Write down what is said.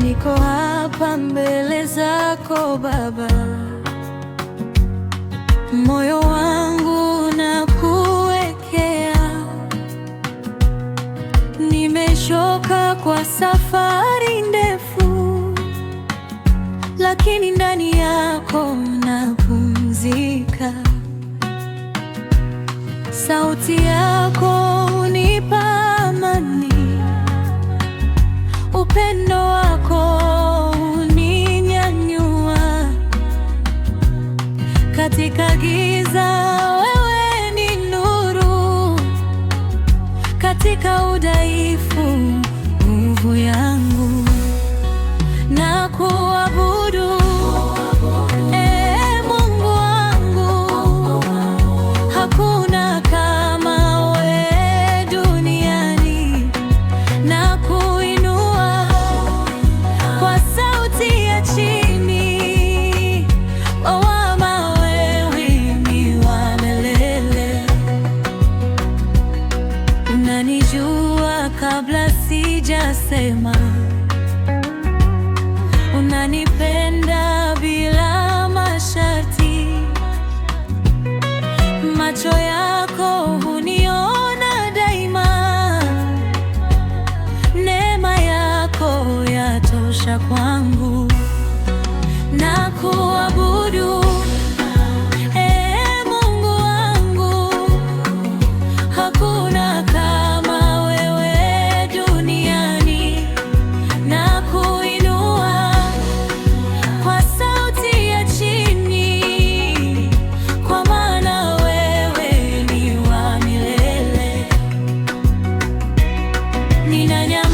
Niko hapa mbele zako Baba, moyo wangu nakuwekea. Nimechoka kwa safari ndefu, lakini ndani yako napumzika. Sauti yako Unanijua kabla sijasema, unanipenda bila masharti. Macho yako huniona daima, neema yako yatosha kwangu na kuabudu ni na nyama